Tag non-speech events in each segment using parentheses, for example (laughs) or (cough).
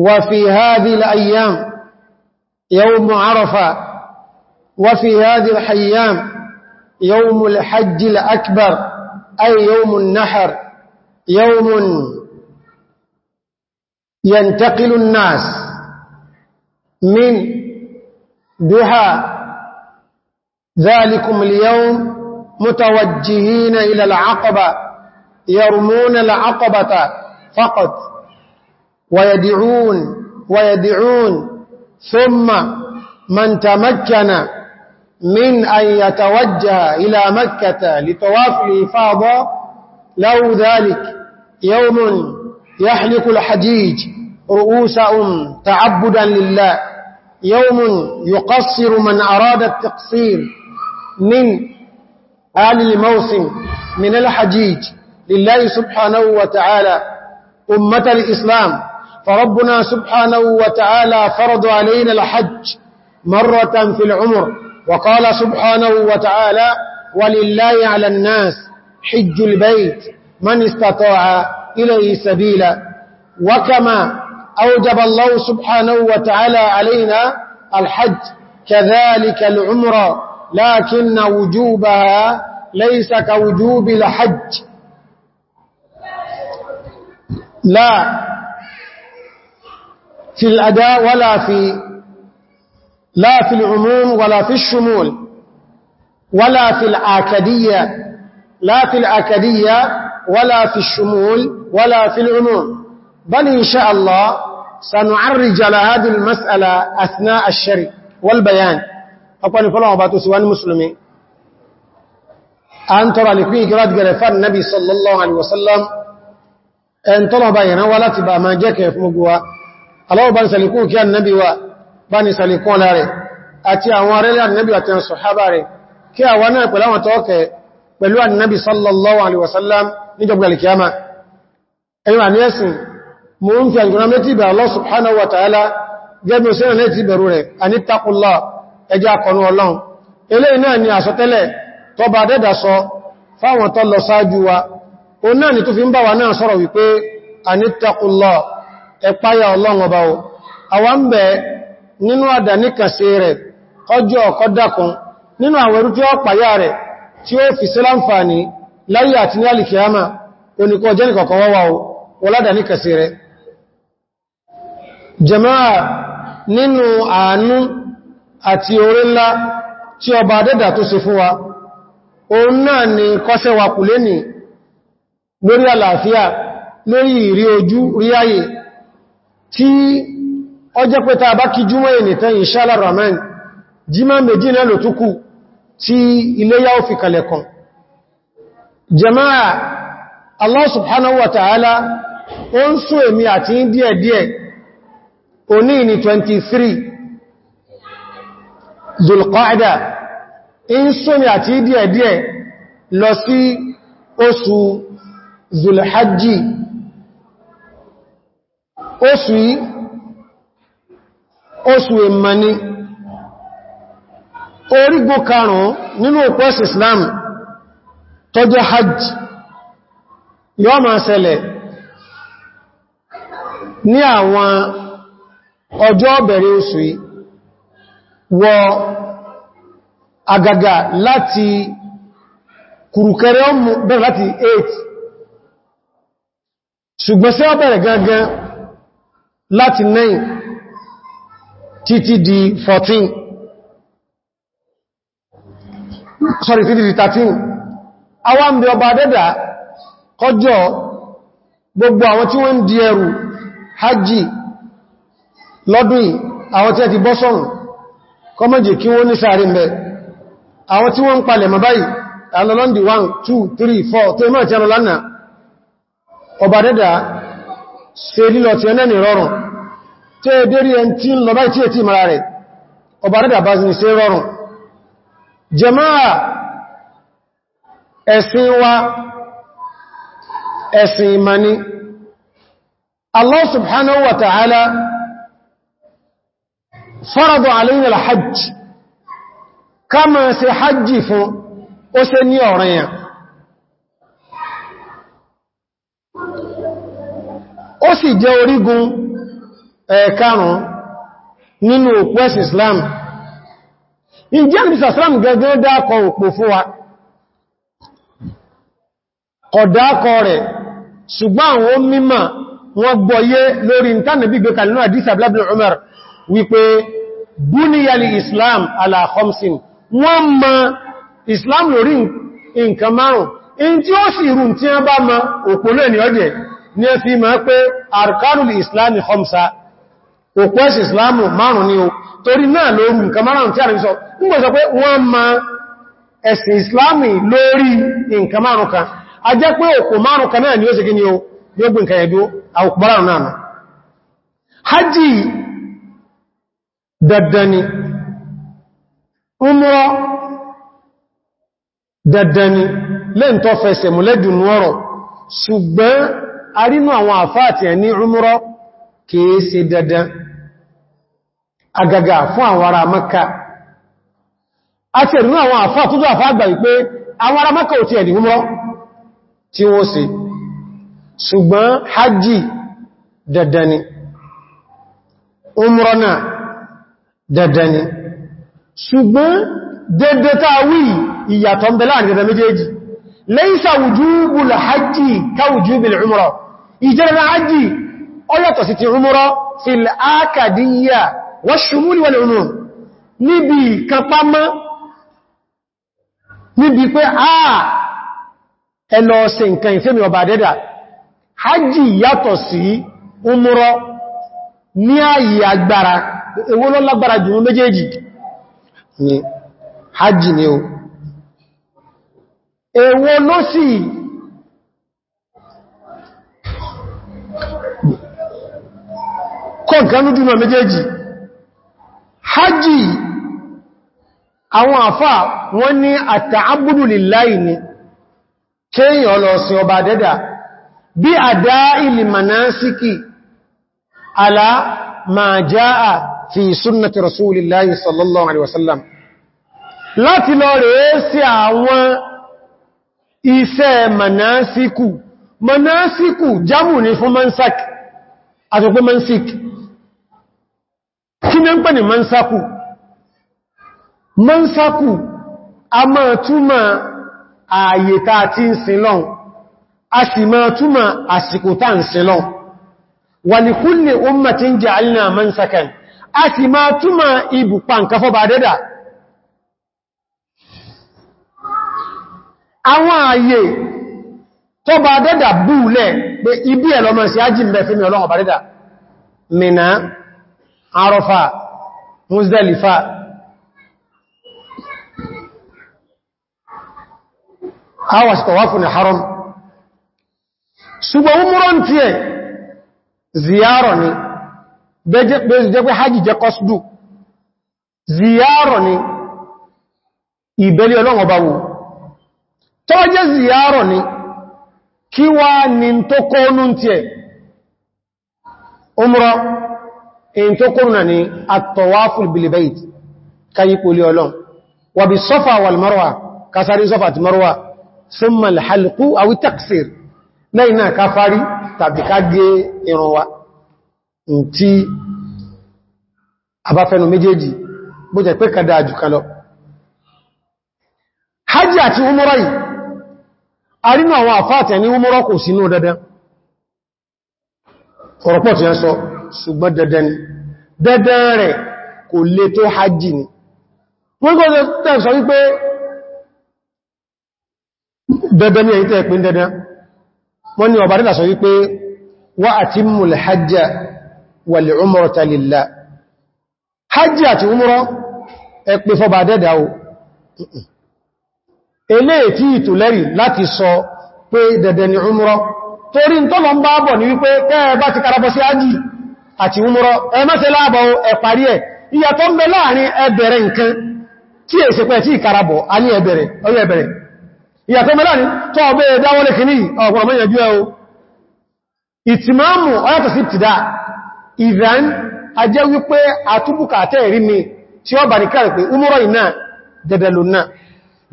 وفي هذه الأيام يوم عرفة وفي هذه الحيام يوم الحج الأكبر أي يوم النحر يوم ينتقل الناس من بها ذلكم اليوم متوجهين إلى العقبة يرمون العقبة فقط ويدعون ويدعون ثم من تمكن من أن يتوجه إلى مكة لطواف الإفاضة لو ذلك يوم يحلق الحجيج رؤوسهم تعبدا لله يوم يقصر من أراد التقصير من آل الموسم من الحجيج لله سبحانه وتعالى أمة الإسلام فربنا سبحانه وتعالى فرض علينا الحج مرة في العمر وقال سبحانه وتعالى ولله على الناس حج البيت من استطاع إليه سبيلا وكما أوجب الله سبحانه وتعالى علينا الحج كذلك العمر لكن وجوبها ليس كوجوب الحج لا في الأداء ولا في لا في العموم ولا في الشمول ولا في الآكدية لا في الآكدية ولا في الشمول ولا في العموم بل إن شاء الله سنعرج على هذه المسألة أثناء الشري والبيان أقول فلو أبات سوان المسلمين أن ترى لكي قراد قرفان النبي صلى الله عليه وسلم أن ترى بينا ولا تبقى ما جاك يفمقوا aláwọ̀ bá ní sàlìkún kí annabi wa bá ní sàlìkún ọlá rẹ̀ àti àwọn arẹ́lẹ̀ annabi àti àwọn sọ̀hábà rẹ̀ kí àwa náà pẹ̀lú àwọn tọ́ọ̀kẹ́ pẹ̀lú annabi sallallahu alaihi wasallam níjọba alkiyama ẹ̀yìn àní ẹ̀sìn mo ń fi àjùgbọ́n méjì bẹ̀rẹ̀ Allah subhanahu wa ta'ala gẹ́bí o sẹ́rẹ̀ léjì bẹ̀rù rẹ̀ àní takùnlá ẹ̀páyà ọlọ́run ọba o àwọn ń bẹ̀ nínú àdà níkànṣe rẹ̀ ọjọ́ ọkọ́ dákun nínú àwọn ẹrú tí ó pàyà rẹ̀ tí ó fi sí láǹfààní láyé àti ní alìkìyàmà oníkọ́ jẹ́ nìkọ̀kọ́ ni kọ́sẹ́wà kùlé ní lórí àlàáfíà lórí ìrí ojú rí ayé tí ó jẹ́ pé tàbá kí júmọ́ ènìtàn ìṣàlá ramán jímá méjì náà ló túkù tí iléyá ó fi kalẹ̀ kan jama'a Allah subhanahu wa ta'ala ó ń sún èmi àti díẹ̀díẹ̀ òní ni 23 zulqaada in sún àti díẹ̀díẹ̀ lọ sí oṣù zulhajji oṣù yìí oṣù èmà orígbò karùn-ún nínú òpó Islam hajj yóò máa ṣẹlẹ̀ ní àwọn ọjọ́ bẹ̀rẹ̀ oṣù yìí wọ agaga láti kùrùkẹrẹ ọmọ bẹ̀rẹ̀ láti 8 ṣùgbọ́n sí ọ bẹ̀rẹ̀ gangan láti 9 títí di 14 sorry títí di 13 àwọn àmì ọba dẹ́dà kọjọ́ gbogbo àwọn tí wọ́n ń di ẹrù hajji lọ́dún yìí àwọn tí ẹ ti bọ́ sọ́rùn kọmọ́jì kí wọ́n ní sàárì mẹ́ àwọn tí wọ́n ń palẹ̀ mọ́ báyìí alọ́lọ́ndì 1 2 3 4 tó mọ́ ìtẹ́rọ lánàá ọba dẹ́dà ṣe lílọ ti ẹnẹ́ nìrọrùn tẹ́ ẹdẹ́rí ẹn tí ń lọ báyìí tí è tí mara rẹ̀ ọba rẹ̀ dàbá ní sí rọrùn jẹmáà ẹ̀sìn wa ẹ̀sìn ìmani Allah subhanahu wa ta'ala faradu alayna al-hajj kama ṣe hajji fún ó ṣe ní ọ̀ranyàn ó sì orígun ẹ̀ẹ̀kárùn nínú òpó ẹ̀sìn Islam ìjẹ́ àmìsà Islam gẹ́gẹ́ dákọ̀ òpó fún wa kọ̀dákọ̀ rẹ̀ ṣùgbọ́n àwọn mímọ̀ wọ́n gbọ́yé lórí ìtànàbí gbẹ̀kàlẹ̀ náà dísà blábìlì Umar wípé búníyàlì Islam ala khamsin wọ́n Islam lórí nǹkan márùn in tí ó sì rùn tí wọ́n bá ẹ fi ma pé arkanul Islam khamsa òpó ẹ̀sìn islamu márùn ni o torí náà lórí nǹkan márùn tí a rí sọ nígbàtí pé wọ́n ma ẹ̀sìn islamu lórí nǹkan márùn kan a jẹ́ pé òpó márùn kan náà ni ó sì kí ni o ṣùgbọ́n arínú àwọn ẹ̀ ní kìí àgàgà fún àwọn ará Mákà a ti ẹ̀rùn àwọn àfá tó àfá àgbà wípé àwọn ará Mákà ò ti ẹ̀dì múmọ́ tí wọ́n ṣe ṣùgbọ́n hajji dandani umrana dandani ṣùgbọ́n dédé tàwí ìyàtọ̀ ń bẹ láàrin dandan méjèèjì laysa wujubul hajji ka ìjẹ́rẹ̀ hajji ó sí ti umra fil akadiyya والشمول والعموم níbi ìkapamọ́ níbi pé àà ah, ẹlọ ọ̀sẹ̀ nǹkan ìfẹ́mi ọba dẹ́dà hajji yàtọ̀ sí umúrọ ní ààyè agbára ewó lọ lágbára jù méjèèjì ni hajji ni o ewó ló sì hajji àwọn àfà wọ́n ní àtàábùdù lillahi ni kéèyàn lọ sí ọba dẹ́dà bí àdá ilì manásíkì alá ma jáà fi súnnàtí rasúlìláyì sallallahu alaihi wasallam láti lọ rẹ̀ sí àwọn iṣẹ́ manásíkù manásíkù jámù ní fún mansíkì kí ní ń pè ní mansaku mansaku a máa túmọ̀ ààyè tá a ti ń sin a sì máa túmọ̀ àsìkò tá ń sin lọ́n wà ní kulli ummatin ja'alna mansakan a sì máa túmọ̀ ibù pàǹkafọ́ bá dẹ́dà àwọn ààyè tó bá dẹ́dà búulẹ̀ pé ibi ẹ̀lọ́mọ̀ sí ájì mẹ́fẹ́ mi ọlọ́run Arọ́fà Muzdalifa awa sí tọwáfù ní haram ṣùgbọ́n múrọ̀ tí ẹ̀ ziyarọ̀ ni bẹ́ẹ̀ jẹ́ pé hajji jẹ́ kọ́sùdù ziyarọ̀ ni ìbẹ̀lẹ̀ ọlọ́wọ̀ bá wù tó jẹ́ ziyarọ̀ ni kí wá ní tó kọ́nú tí ẹ̀ umrọ̀ in tó kúrùnà ni àtọwáfù bilibait káyí pòlí ọlọ́n wà bí sọ́fà wà marwa kásáré sọ́fà àti marwa thumma alhalqu awi taksir lẹ́yìn náà ká fárí tàbí ká gé irun wa tí abáfẹ́nu méjèèjì bó jẹ́ pé kàdá àjùkalọ ṣùgbọ́n dandan ni dandan rẹ̀ kò lè tó hajji ni wọ́n kọ́ tẹ́ sọ wípé dandan ni ẹ̀yìn tẹ́ pín dandan wọ́n ni ọba rílà sọ wípé wa atimmul hajja wal umrata lillah hajji àti umra ẹ pé fọba dẹ́dà o eléè tí ìtòlẹ́rì láti torí ń tọ́lọ ń bá bọ̀ ní wípé kẹ́ẹ̀ bá ti karabọ̀ sí ájì àti umúrọ ẹmẹ́sẹ̀ láàbọ̀ ẹ̀parí ẹ̀ ìyàtọ̀ ń bẹ láàrin ẹbẹ̀rẹ̀ nǹkan tí è ṣe pẹ́ tí ìkarabọ̀ a ní ẹbẹ̀rẹ̀ ọyọ́ ẹbẹ̀rẹ̀ ìyàtọ̀ ń bẹ láàrin tó ọbẹ̀ dáwọlé kìíní ọgbọ̀n mẹ́yànjú ẹ o ìtìmáàmù ọyàtọ̀ sí ìtìdá ìrán a jẹ́ wípé àtúbùkà àtẹ́ẹ̀rí mi tí ó bà ní kàrì pé umúrọ iná dẹ̀dẹ̀lò náà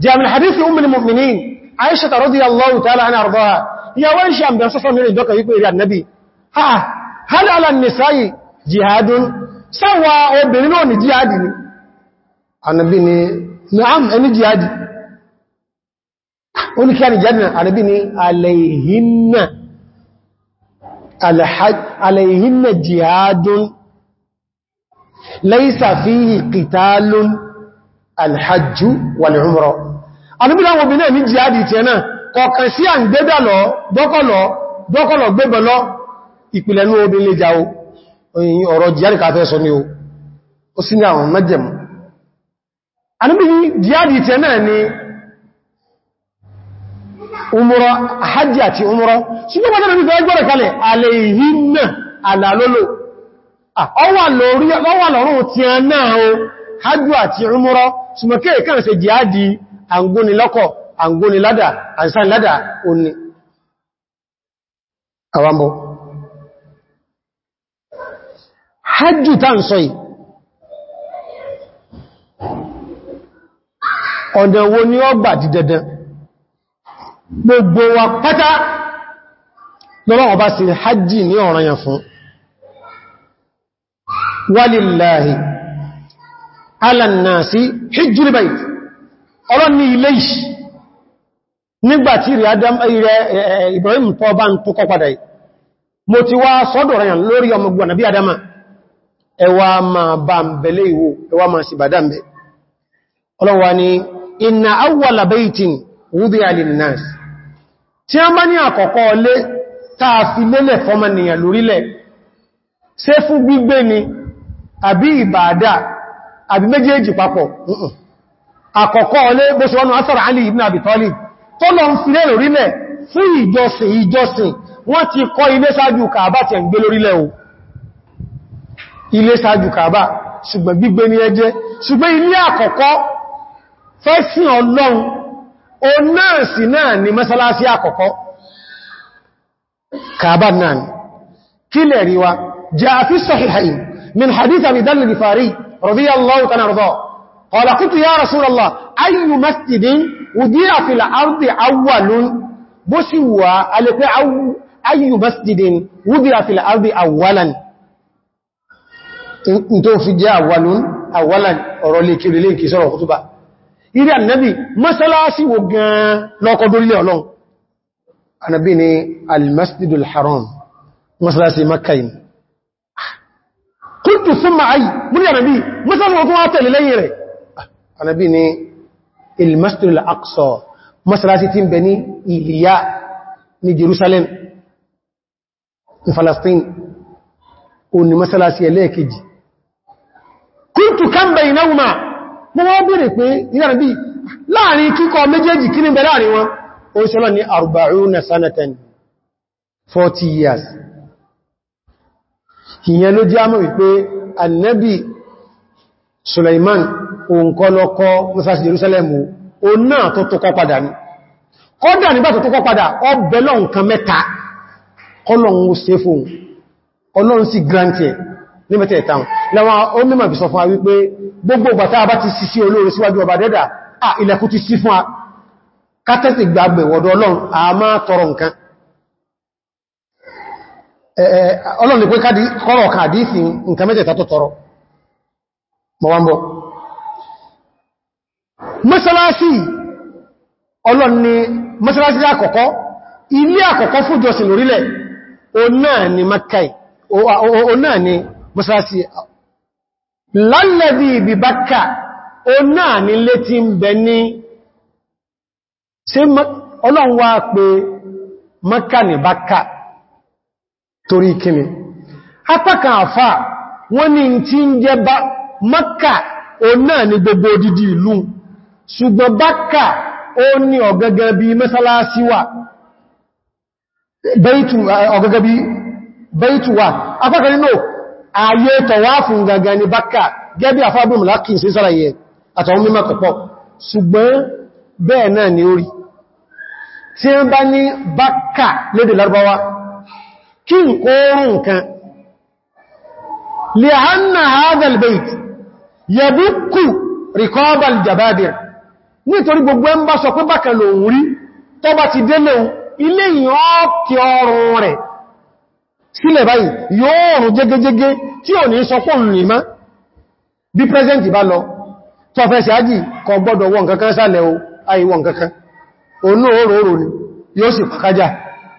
jẹ́min hadithi umul mu'minin Aisha hal ala nisa'i jihadun sáwà obìnrin náà ni jihadi ni ànàbí ni na'am ẹni jihadi oníkíyà ni jihadi na ànàbí ni alayhinna alayhinna jihadun laysa fihi qitalun alhajju wal umra ànàbí náà obìnrin náà ni jihadi tẹ́ náà kọ̀ọ̀kan sí à ń gbẹ́dà lọ dọ́kọ̀lọ̀ gbẹ́bẹ̀ lọ ìpìlẹ̀ ní obin lè jáwó ọ̀rọ̀ jihadi káfẹ́ sọ ní o ó sí ní àwọn mẹ́jẹ̀mù anúbí jihadi tẹ́ náà ni umura hajji àti umura ṣígbọ́n bá tẹ́lẹ̀ gbọ́rẹ̀ kalẹ̀ alẹ́hìnà alàlólò ọwà lọ́rún ti náà o hajji àti umura ṣùgbọ́kẹ́ kan ṣe jihadi àngúnilọ́kọ̀ àngúniládà àìsànládà Hajju ta n soyi yìí ọ̀nà wo ni ó gbà dandan gbogbo wa pátá lọ́wọ́ ọba sí hajji ní ọ̀ranyàn fún walillahi alannasi hijjul bayt ọ̀rọ̀ ni ilé ìṣì nígbàtí ìrẹ̀ adam ìrẹ̀ Ibrahim tó bá ń tó kọ padà mo ti wá sọ́dọ̀ rẹ̀yàn lórí ọmọ gbọ́nà bí adama ẹwà máa bá ń bẹ̀lẹ̀ ìwò ẹwà máa sì bàdá mẹ́ ọlọ́wà ni inna awwala baytin wudi'a linnas tí a bá ní àkọ́kọ́ ọlé táa fi lélẹ̀ fọ́mọnìyàn lórílẹ̀ ṣé fún gbígbé ni àbí ìbàdá àbí méjèèjì papọ̀ àkọ́kọ́ ọlé bó ṣe wọ́n asar Ali ibn Abi Talib tó fún ìjọsìn ìjọsìn wọ́n ti kọ́ ilé sáájú kàbá ti ẹ̀ ń gbé lórílẹ̀ o ilé sáájú kàbà ṣùgbọ́n gbígbé ní ẹjẹ́ ṣùgbọ́n ilé àkọ́kọ́ fẹ́sìn ọlọ́run o náà sì náà ni mẹ́sálásí àkọ́kọ́ kàbà náà ni kí lẹ̀ rí wa jaa fi sahihayn min hadith Abi Dharr al-Ghifari radiyallahu ta'ala anhu qala qultu ya Rasulallah ayyu masjidin wudi'a ayyu masjidin wudi'a fil ardi awwalan tó fi jẹ́ àwàlún àwàlàn ọ̀rọ̀ lè kiri lè kìí sọ́rọ̀ ọ̀túbà ìrí ànàbì mọ́sálásí wo gan lọ́kọ̀dúnlẹ̀ ọlọ́run ànàbì ni almasjidul haram mọ́sálásí makaim kúrtù súnmà ayi múrí ànàbì mọ́sálásí wọ́n wá tẹ̀lé lẹ́yìn rẹ̀ ànàbì ni almasjidul aqsa mọ́sálásí tí ń bẹ ní òní mọ́sálásí ẹlẹ́ẹ̀kejì kúntù kánbẹ̀ ìnáwùmá mọ́ wọ́n bèèrè pé ìyára bí láàrin kíkọ méjèèjì kí ní bẹ láàrin wọn o sọ́lọ́ ní sanatan 40 years ìyẹn ló jẹ́ wípé annabi Suleiman òǹkọlọkọ mọ́sáṣì Jerusalem o náà tó tó kọ́ padà ní kọ́dà nígbà tó padà ọ bẹ̀lọ́ nǹkan mẹ́ta kọ́lọ̀ ń ṣe fún ọlọ́run grant ní mẹ́tẹ̀ ìtàun lẹ́wọ́n onímọ̀ fi sọ fún wa wípé gbogbo bàtà bá ti sisi olóore síwájú ọba dẹ́dà à ilẹ̀kú ti sí fún wa kátẹ́sì gbàgbẹ̀ wọ̀dọ̀ ọlọ́run a máa tọrọ nǹkan ọlọ́run lè pé kọ́rọ̀ ni mọ́sálásí àkọ́kọ́ ilé àkọ́kọ́ fújọsìn lórílẹ̀ o náà ni makai o náà ni mọ́sálásí lálẹ́bí ibi ó náà ní ti ń bẹ ní ọlọ́run wá pé mọ́kà ní bákà torí kíni apákan àfà wọ́n ní tí ń jẹ mọ́kà ó náà ní gbogbo odidi ìlú ṣùgbọ́n bákà ó ní ọ̀gẹ́gẹ́ bí ayé tọwáfún gangan ní bákà gẹ́bí àfábùn lákì sí sárayẹ àtàwọn mímọ̀ pẹ̀pọ̀ ṣùgbọ́n bẹ́ẹ̀ náà ni orí tí ń bá ní bákà lédè lárúbáwá kí n kóòrùn kan lè hannà hadal bait yẹ̀bùkù rikọ́bal jabadir nítorí gbogbo ẹmbá sọ pé bákà lòun sílẹ̀ báyìí yóò rùn jẹ́gẹ́jẹ́gẹ́ tí ò ní sọpọ̀ rìn má bí pẹ́sẹ̀ntì bá lọ tó fẹ́sẹ̀ ájì kò gbọ́dọ̀ wọn kankan sálẹ̀ o ayi wọn kankan onú oòrò ni yóò sì pàkájá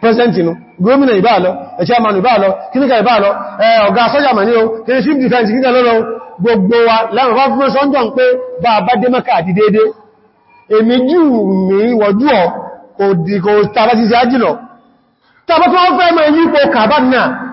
pẹ́sẹ̀ntì nù gómìnà ìbá lọ ẹ̀ṣẹ́ àmànù ìbá lọ o kìí sí dìfẹ́ǹsì kíníkà lọ́rọ̀ gbogbo wa láàrín fún fún sọ́njọ́ pé bá bá dé mẹ́kà àti dédé èmi jù mí wọ́jú ọ̀ òdìkò tàbátí sí ájìlọ̀ wọ́n fẹ́ mọ̀ yípo kàbánà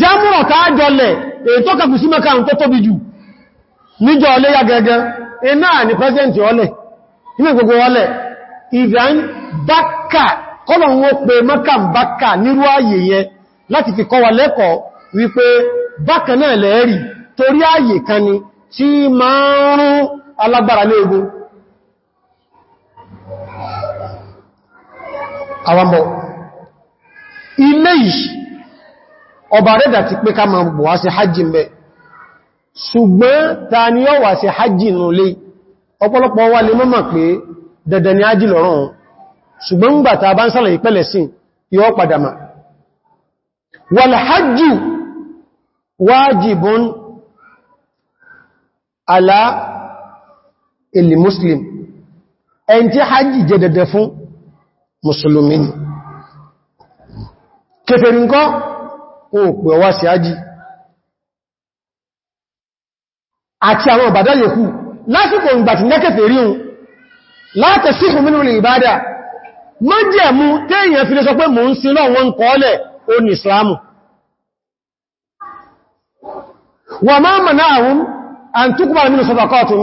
jámúrọ̀ tàájọlẹ̀ ètò kàkù sí mẹ́ka ń tó tóbi jù níjọ ya gẹ́gẹ́ iná ni pẹ́sẹ̀ntì ọlẹ̀ ilé gbogbo ọlẹ̀ ìrìn bákà kọ́lọ̀ wọ́n pé mẹ́ka ń bákà nírú ààyè yẹn láti fi kọ́ wa ọba rẹ̀dà ti pé ká ma bọ̀ wá sí hajji mẹ́ ṣùgbọ́n ta ni yọ wá sí hajji nù lé ọ̀pọ̀lọpọ̀ wa lè mọ́mà pé dandan ni hajji lọ́rọ̀ ṣùgbọ́n gbà ta bá ń sálà ìpẹ́lẹ̀ sí yọ padà ma wal hajju wajibun ala illi muslim ẹn tí hajji jẹ́ dandan fún musulmi kèfèrí ńkọ́ ó pè ọwá sí ájí àti àwọn ìbàdá yòókù lásìkò ìgbàtí lẹ́kẹ̀fẹ̀ ríun láti síkù mínú ìbádà mọ́ jẹ́ mú téèyàn fi lè sọ pé mò ń sin lọ́wọ́ ń kọ́ọ́lẹ̀ ó ní islamu wà máa mọ̀ náà hún an tukuma mínú sadaqatun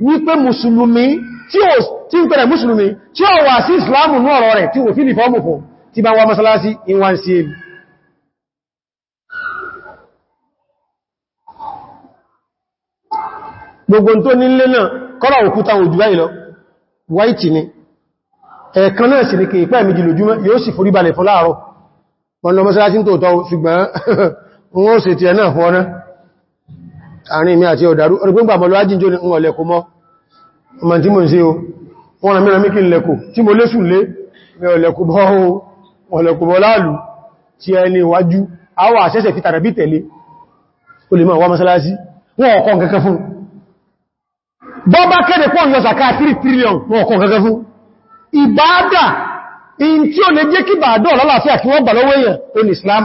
wípé mùsùlùmí tí ó tí ń pẹ̀rẹ̀ mùsùlùmí tí ó wà sí ìsìláàmù ní ọ̀rọ̀ rẹ̀ tí ó fi nìfọ́mù fún ti bá wà masalasi in one cm gbogbo tó nílé náà kọ́rọ̀ òkúta ojú báyìí lọ wáìtì ni ẹ̀ẹ̀kan náà sì ní kí ìpẹ́ méjì lójúmọ́ yóò sì forí balẹ̀ fún láàárọ̀ ọ̀nà masalasi tó tọ́ ṣùgbọ́n (laughs) wọ́n ó sì ti ẹ̀ náà fún ọ àárín mi àti ọ̀dàrú ọ̀rọ̀gbẹ́gbà mọ̀lú ajíjọ ní ọ̀lẹ́kù mọ́ ọmọ tí mo ń ṣe o wọ́n rán mẹ́rin míkí lẹ́kù tí mo lésù lé ọ̀lẹ́kù bọ́ láàlù tí ẹni wájú àwọ̀ àṣẹ́sẹ̀ fi tàrẹ̀bí tẹ̀lé o lè máa wá mọ́sálásí wọ́n ọkọ̀ kẹ́kẹ́ fún bọ́bá kéde pọ́ ń yọ in Islam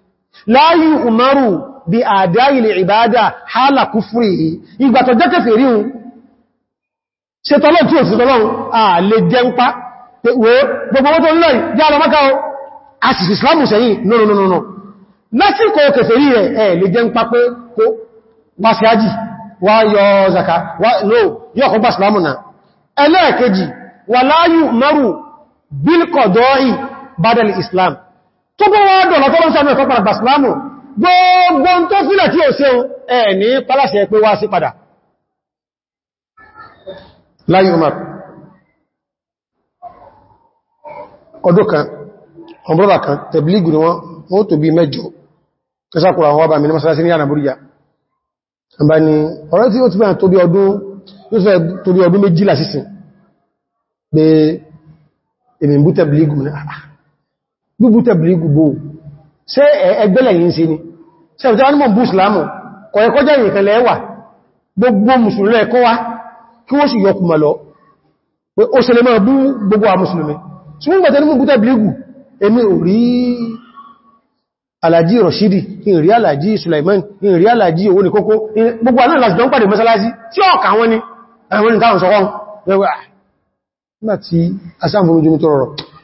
láyé umaru bí àdá ilẹ̀ ìbádà hálà kúfúrí ìgbà tó jẹ́kẹ́ fèrí un ṣe tọ́lọ́ tí ò sí tọ́lọ́ à lè jẹ́ ń pa wo gbogbo wọ́n tó ń lọ́ì já lọ badal islam tó bó wá dọ̀lọ́ tó lọ́n sánú ẹ̀kọ́ padà gbàsìlámù gbogbo tó fílẹ̀ tí ó ṣe ẹ̀ ní pálásẹ̀ pé wá sí padà láyé Umar ọdún kan ọmọdọ́dà kan tẹ̀blígù ni wọ́n ó tó bí mẹ́jọ kẹsàkùrà àwọn ọba mi ní masalasi ní ànàbúríyà àbá ni ọ̀rẹ́ tí ó ti fẹ́ gbogbo tẹ̀bìlì gbogbo ṣe ẹgbẹ́lẹ̀ yìí sí ni ṣe ọjọ́ wọn mọ̀ bú ìsìlámù kọ̀ẹ̀kọ́ jẹ́ ìrìnkan lẹ́wà gbogbo mùsùlùmí ẹ̀kọ́ wá kí wọ́n sì yọkùnmọ̀ lọ pé ó Sulaiman ìrí alàjí owó ní kókó gbogbo àná láti jọ ń pàdé mọ́sálásí tí ọ̀kà wọn ni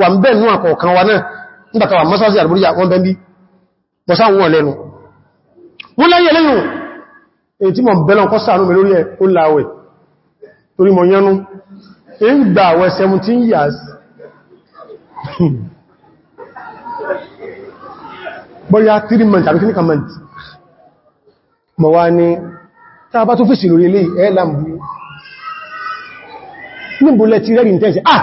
wà ń bẹ́ nú àkọ̀ọ̀kan wa náà nígbàtà wà mọ́sálásí àrùbúrúyà wọ́n bẹ́ ń bí bọ́sá wọn lẹ́nu wọ́n láyé lẹ́nu èyí tí mọ̀ bẹ́lọ́n kọ́ sàánú mi lórí ẹ̀ ó láwẹ̀ torí mọ̀ yánú ń gbà àwẹ̀ 17 years (laughs) bọ́yá 3 ní tẹ́sì ah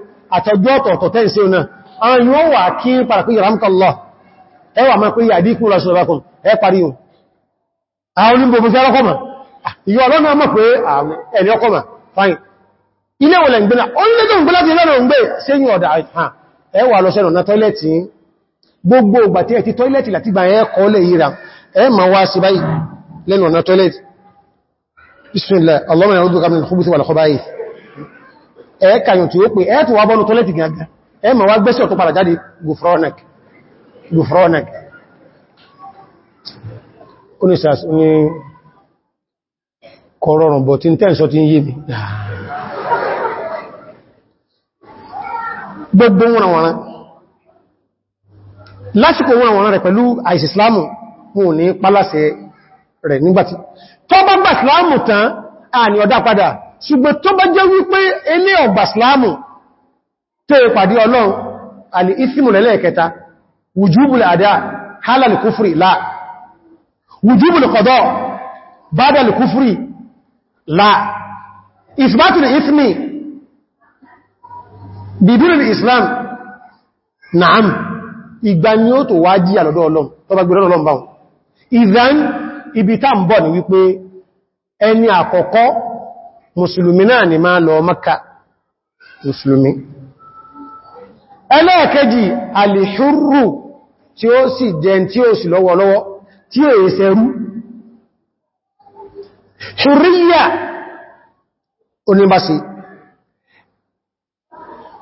àtọjọ́ ọ̀tọ̀ọ̀tọ̀ tẹ́ ìṣẹ́ náà àwọn yóò wà kí padà pé ìràmkọlọ́ ẹwà máa pé yàdí kúrò ṣọ́lọ́bákan ẹ parí o àwọn onígbò mú sí arọ́kọ̀mà ìyọ́ ọlọ́nà ọmọ pé ẹni ọkọ̀mà fáyìn ilé wọlẹ̀ ìgbìnà orílẹ̀-èdè ìgbìnà ti lọ́nà ìgbè sẹ́yìn ọ̀dà ẹwà lọ sẹ́nà na tọ́ílẹ̀tì gbogbo ìgbà tí ẹ ti tọ́ílẹ̀tì láti gbà ẹ kọ́ lè yíra ẹ ma wá báyìí ẹ̀ẹ́kàyàn tí ó pè ẹ́ẹ̀tù wà bọ́nu tọ́lẹ̀tì gangan ẹ̀mọ̀ wá gbẹ́sẹ̀ ọ̀tọ́ padà jáde gufronek onisas ní kọrọrùn bọ̀ tí ń tẹ́ǹsọ́ tí ń yé mi gbogbo wọ́nàwọ́nà lásìkò wọ́nàwọ́nà rẹ̀ pẹ̀lú àìsì islamu mú ní pálásẹ̀ rẹ̀ nígbàtí tó bá gbà islamu tán à ṣùgbọ́n tó bá jẹ́ wípé ilé ọgbà islamu tó ìpàdé ọlọ́run alì ìfìmùlẹ̀ lẹ́ẹ̀kẹta wùjúbùlẹ̀ àdá hálàlì kúfùrì láà wùjúbùlẹ̀ kọ̀dọ̀ bádàlì kúfùrì láà ìsìbátùlẹ̀ ìfìmì bìdúrẹ̀ islam naam ìgbà ni ó tó wá jí àlọ́dọ̀ ọlọ́run tó bá gbẹ̀rẹ̀ ibi tá ń bọ̀ ni wípé ẹni àkọ́kọ́ mùsùlùmí náà ni máa lọ Mákà mùsùlùmí ẹlẹ́ẹ̀kẹ́jì alìṣúrù tí ó sì jẹ tí ó sì lọ́wọ́lọ́wọ́ tí ó èsẹ̀ rú ṣùríyà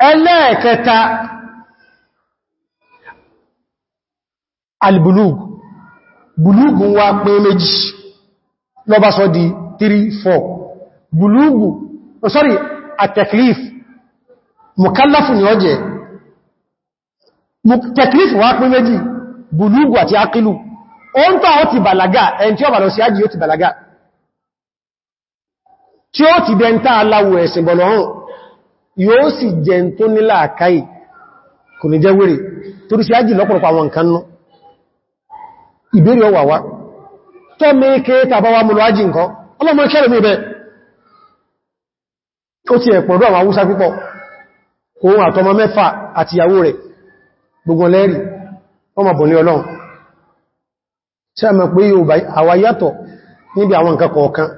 ẹlẹ́ẹ̀kẹta albulugu bulugu wa pé méjì lọ́básọ́ di 3 4 bùlúgù sorry àtẹ̀klif mùkálàfù ni ó jẹ́ tẹ̀klif wà pín méjì bùlúgù àti akílù ó ń tọ́ ó ti balaga ẹni tí ó bàlọ́ sí ti balaga tí o ti dẹntà aláwọ̀ ẹ̀sìn bọ̀lọ̀hún yóò sì jẹ tó nílà àkáì kò ní jẹ́ wèrè torí sí ájì lọ́pọ̀lọpọ̀ àwọn nǹkan nú ọwà wá tọ́ mẹ́kẹ́ ó ti ẹ̀pọ̀dọ̀ àwọn awúsá púpọ̀ òun àtọmọ mẹ́fà àti ìyàwó rẹ̀ gbogbo lẹ́rì ọmọ bọ̀ ní ọlọ́run tí a mọ̀ pé àwa yàtọ̀ níbi àwọn nǹkan kọ̀ọ̀kan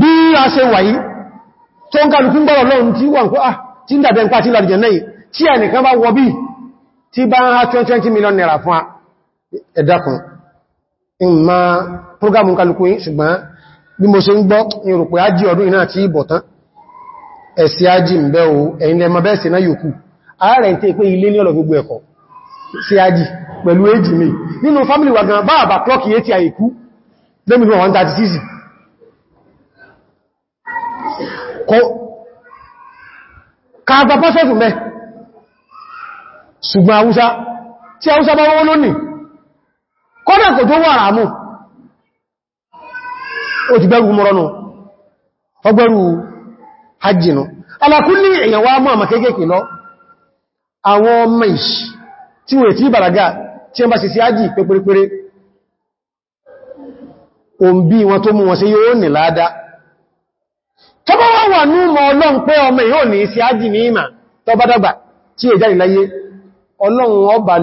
bí a ṣe wà yìí tó ń kàlùkú gbọ́rọ̀ ah tí ń dàbẹ̀ ń pàtí lọ́dìjẹ̀ náà tí ẹnìkan bá wọ bí tí bá ń ha 20 million naira fún ẹ̀dàkùn bí mo ṣe ń gbọ́ ní ají ájí ọdún iná àti ìbọ̀tán ẹ̀sì ájí ń bẹ́ o ẹ̀yìn lẹ́mọ bẹ́ẹ̀ sí náà yòókù ààrẹ ń tẹ́ pé ilé ní ọ̀lọ̀ ẹ̀kọ́ sí ájí pẹ̀lú éjì mi nínú fámílì wa a bá àbà ti àìkú ó ti bẹ́rù mọ́rọ̀nù ọgbẹ̀rù hajjinu alákúnlé èyàn wá mọ́ àmà kéèkéèké lọ àwọn ọmọ ìṣì tí wọ́n tí bàrágà tí wọ́n bá sì sí ájì pẹ́pẹ́rẹ́pẹ́rẹ́ òǹbí wọn tó mú wọn sí yóò nì láadá tọ́bọ́ wá wà ní mọ́ ọlọ́run pé ọmọ yóò ní sí ájì ní ìmà tọ́bádọ́gbà tí è jáde láyé ọlọ́run ọba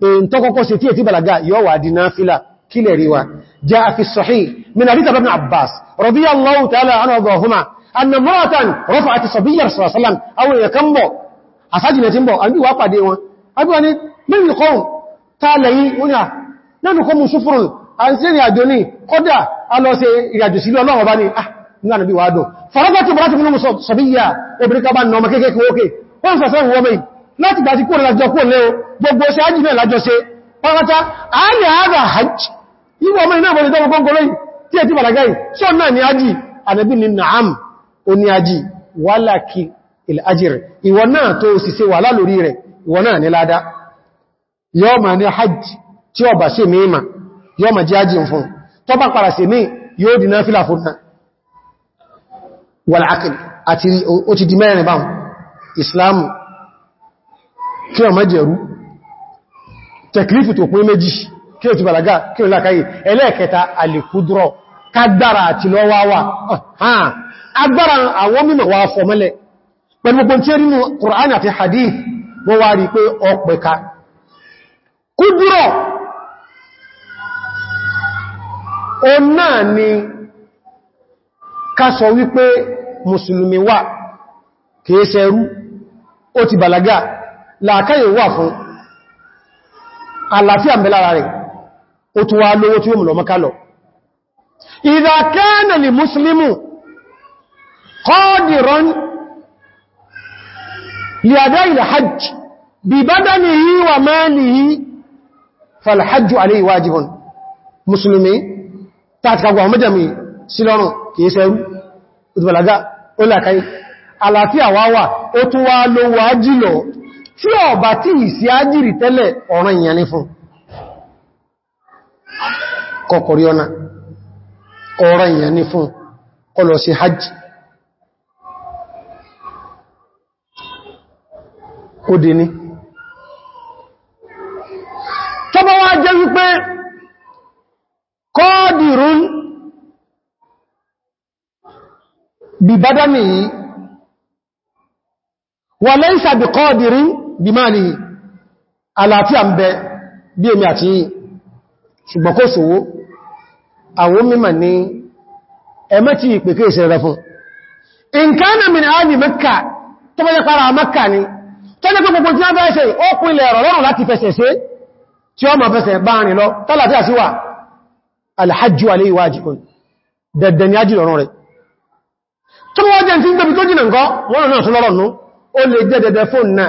tó kọ́kọ́ sí tí è tí balaga yóò wà dí náfílà kí lè ríwa já fi sahih min hadith ibn abbas radiyallahu ta'ala anhuma anna muratan rafa'at sabiyyar sallallahu alaihi wasallam aw yakambo asajina timbo abi wa pàdé wọn abi wani min qawm ta layi ah, una nanu ko musufurun an se ni ajoni kódà a lọ ṣe ìrìnàjò sí Ọlọ́run ọba ni ah nínú àbí wàádùn faragati bọ́lá ti múnú sọ̀bíyà obìnrin ká bá nà ọmọ kéèkéé kí wókè wọ́n sọ̀sọ́ ìwọ́mẹ́ láti gbà sí kúrò lájọ kúrò lẹ́o gbogbo ṣe hajji náà lájọ́ ṣe pàwátá ààrẹ ààrẹ hajji ìwọ ọmọ iná ìbọ̀lẹ̀ tọ́gbọ́n kọlọ́ tí ẹ̀tí bàlágáì sọ náà ni hajji Ànábì ni na'am o ni hajji wálàkì ìlàjì rẹ̀ ìwọ náà tó sì ṣe wà lálórí rẹ̀ ìwọ náà ni ládá yọ́ ma ní hajji tí ó bà sí ma jẹ́ hajji fún tó bá para sí mí yóò di náà fílà fún náà wàlàkì àti ó ti di kí ọmọ jẹ̀rú to tó pín méjì kí o ti balaga kí o lákàáyì ẹlẹ́ẹ̀kẹta alìkúdúrọ̀ kágbára àti lọ́wàwà agbára àwọn mímọ̀ wà fọ̀mọ́lẹ̀ pẹ̀lú gbogbo tí nínú hadith o ni ká ti wà fún àlàáfíà ń bẹ lára rẹ̀ ó tún wá lówó tí ó mùlọ mọ́ká lọ idha kana li muslimu qadiran li ada'i al-hajj bi badanihi wa malihi fal-hajju alayhi àlàáfíà wá ó tún wá lówó ajílọ̀ tí ọ̀bá tí ìsí ájìrì tẹ́lẹ̀ ọ̀rọ̀ ìyàn ní fún kọkọrí ọ̀nà ọ̀rọ̀ ìyàn ní fún kọlọ sí hajj ó dì ní tọ́bọ̀ wá jẹ́ wípé kọ́ọ̀dìrún bí bádá nìyí wà lẹ́ìsàbí kọ́ọ̀dìrín bí máa ní àlàáfíà ń bẹ bí èmi àti ṣùgbọ́n kó sòwó àwọn mímọ̀ ní ẹmẹ́tí ìpèké ìṣẹ́ rẹ fún nǹkan min áàdì mẹ́kà tó bẹ́ pàrà mẹ́kà ni tó ní gbogbo tí a bẹ́ ṣe ó kún ilẹ̀ ẹ̀rọ lọ́rùn láti fẹsẹ̀ ṣe tí ó mọ̀ fẹsẹ̀ bá rìn lọ tọ́làtí àsíwà alhajjú lè jẹ́ dẹ̀dẹ̀ fóònù náà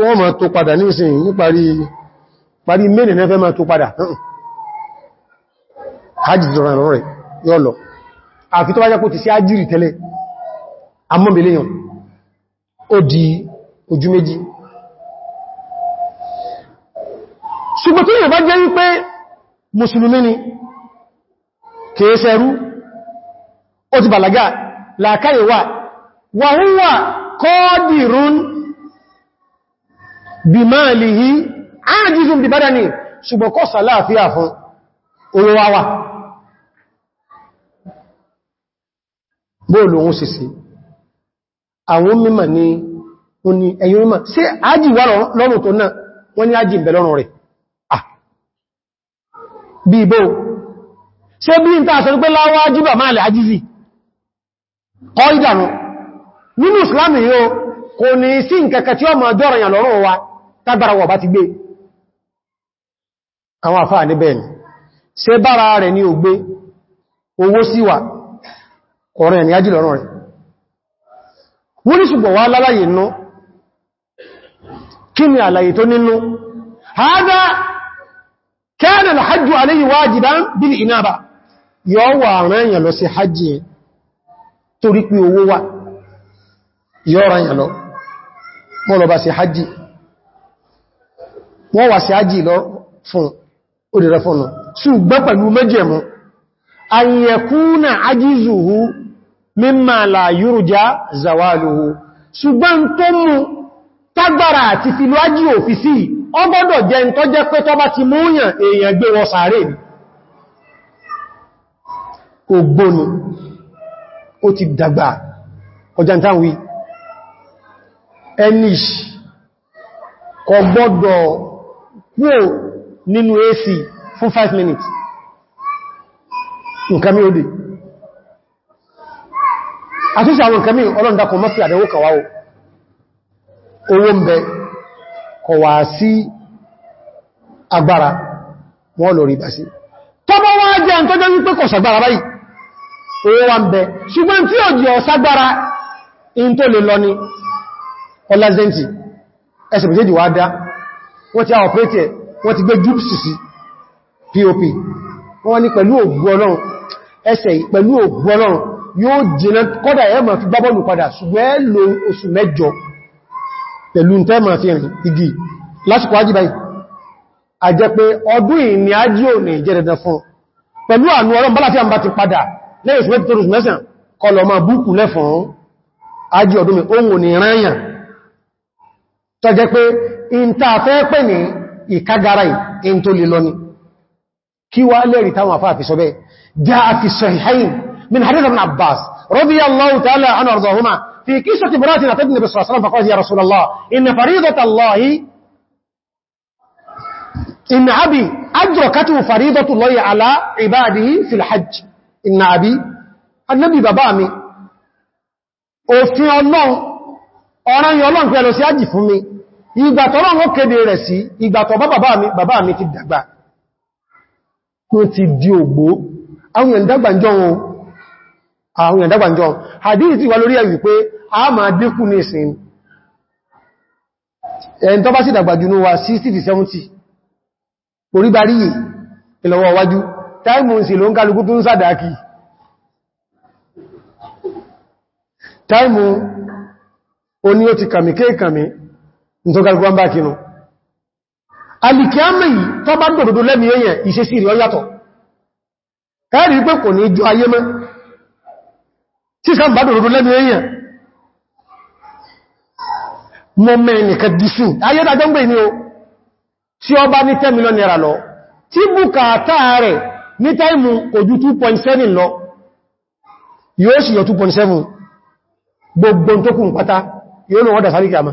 wọ́n ma tó padà ní ìsìn ní parí mẹ́rin náà fẹ́ ma tó padà hajji dọ̀rọ̀ rẹ̀ yọ́ lọ àfi tó bá jápò ti sí ájírì tẹ́lẹ̀ amóbìléyàn ó di ojú méjì ṣùgbọ́n tí yìnbá jẹ́ wípé mùsùlùmí ni kìí ṣẹrú ó ti bàlágà làkáyè wà wà ń wà kọ́ọ̀dìrún bimalihi ájízùn bí bádá ní ṣùgbọ́n kọ́ sàláàfíà fún olówáwà bóòlù ohun sì sí àwọn mímọ̀ ni wọ́n ni ẹ̀yìn mímọ̀ sí ájì wà lọ́rùn tó náà wọ́n ni ájì ìbẹ̀ lọ́rùn rẹ̀ bí ibò ṣe bí n tàà sọ pé láwọ́ ájúbà tágbàrà wọ̀ bá ti gbé àwọn àfáà níbẹ̀ ni ṣe bára rẹ̀ ní ògbé owó síwà ọ̀rọ̀ ẹ̀ ni ájì lọ́rọ̀ rẹ̀ wọ́n ní ṣùgbọ̀n wá lálàyé nú kí ni àlàyé tó nínú hádá kana al-hajj alayhi hajji lọ bá sí hajji wọ́n wà sí ájì lọ fún òdìrẹ fọ́nà ṣùgbọ́n pẹ̀lú mẹ́jẹ̀mú àyẹ̀kúnà ajízùhú mímà láyúrùjá zawaluhu ṣùgbọ́n tó mú tágbàrà àti fìlú ájì òfìsí ọgbọ́dọ̀ jẹ́ tó jẹ́ pé tó bá ti múyàn èèyàn gbé wọ sàárè ní ti dàgbà kúrò nínú AC fún 5 minutes nǹkan mí ó dì àtúnṣe àwọn nǹkan mí ọlọ́ndakọ̀ mọ́fí àdẹ̀wò kàwáwó owó ń bẹ kọ̀wà sí agbára wọ́n lórí bá sí tọ́bọ́ wá jẹ́ àntọ́jọ́ wípé kọ̀ sàgbára báyìí owó wá ń bẹ wọ́n ti àọ̀pẹ́tì ẹ̀ wọ́n ti gbé jùpsì sí pop wọ́n ní pẹ̀lú ògbú ọlọ́run ẹsẹ̀ pẹ̀lú ògbú ọlọ́run yóò jìnà kọ́dà ẹ̀ ma fi gbábọ́ọ̀lù padà ṣùgbọ́n ẹ lo oṣù mẹ́jọ pẹ̀lú igi lásìkò ají báyìí a jẹ́ pé ọdún ìní ají ò ní jẹ́ dandan fún pẹ̀lú àánú ọlọ́run bálá tí a ń bá ti padà lẹ́yìn oṣù mẹ́jọ tó rùsù pé ìntà fẹ́ pẹ̀ ní ìkágara in tó lè lọ́ni kí wá lẹ́rì táwọn afá àfi sọ́bẹ̀ já àfi sahihayn min hadith ibn abbas radiyallahu ta'ala anhu arzahuma fi qissati imra'atin atat an-nabiy sallallahu alaihi wasallam إن أبي أدركته فريضة الله على عباده في الحج إن أبي النبي bàbá mi òfin Ọlọ́run ọ̀ranyàn Ọlọ́run pẹ̀lú sí ájì fún mi ìgbàtọ̀ lọ́wọ́ kéde rẹ̀ sí ìgbàtọ̀ bàbá mi ti dàgbà wọ́n ti di ògbó àwọn ìdàgbàjọ́ wọn àwọn ìdàgbàjọ́ hadith ti wà lórí ẹ̀yìn pé a máa dínkù ní ìsìn ẹ̀yìn tó bá sì dàgbàjú ní wa 60-70 orígbàrí ìlọ́wọ́ wájú táìmù sí ló ń kálukú tó ń sàdákì táìmù oní ó ti kàmì kéèkàmì nítọ́gbàgbà ń bá kínú alìkíámẹ́ yìí tó bá gbòdòdó lẹ́mí èyàn ìṣesí rí ọyàtọ̀ káàrí pé kò ní jọ ayé mẹ́ tí sàmbá gbòdòdó lẹ́mí èyàn mọ́ mẹ́ẹ̀nìkan dìsù ayédájọ́ ń gbé ní o tí 10 million naira lọ tí bùkátà rẹ̀ ní táìmù kò 2.7 lọ yóò sì yọ 2.7 gbogbo tó kùn pátá yóò lọ wọ́dà sáríkì àmà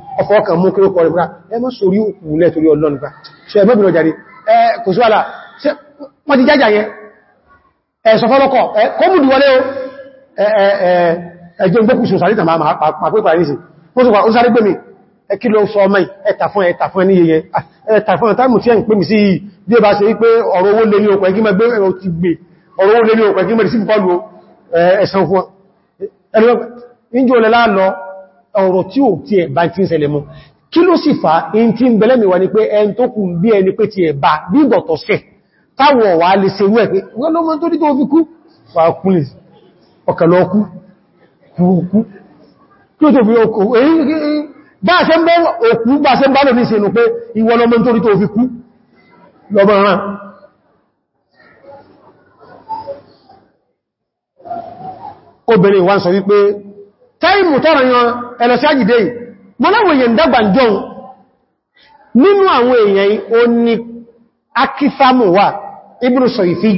ọfọ́ọ̀kan mú kí ó kọrì múra ẹmọ́ sórí òkúlẹ̀ torí ọlọ́run gbá ṣe ẹgbẹ́ bìnà jàrí kò sí wàlá wọ́n ti jájà yẹn ẹ̀sọ fọ́lọ́kọ̀ kọmùdù wọlé o ẹjọ́ gbókùsù sàrí tàmà pàpẹ́pàá ní sí wọ́n sọ ó sáré gbé mi kí ló sọ ọmọ ẹ̀tà fún ẹ̀tà fún ẹni yẹyẹ ẹ̀tà fún ẹ̀tà mù tí ẹ̀ ń pè ẹ bá ṣe wípé ọ̀rọ̀ owó lè ẹ̀sàn fún ẹ̀rọ ìjò lẹ́lá lọ ọ̀rọ̀ tí ó ti ẹ̀bá tí ń ṣẹlẹ̀ mú kí ló sì fa in tí ń bẹ̀lẹ̀ mìíwá ni pé ẹn tó kù bí ẹni pé ti ẹ̀bá bí ìbọ̀tọ̀ sẹ̀ táwọ̀ wà lè ṣe rú ẹ̀ pé wọ́n ló mọ́ tó dító fi kú wà kúlẹ̀ ọ̀kẹ̀lọ́kú kúrúkú kí ó obìnrin wa ń sọ wípé táìmù tọ́rọ yan ẹlọ́sí àjìdé mọ́láwọ̀ èèyàn dàgbà jọun nínú àwọn èèyàn o ní akífàmù wà ibùrù sọ̀yìfí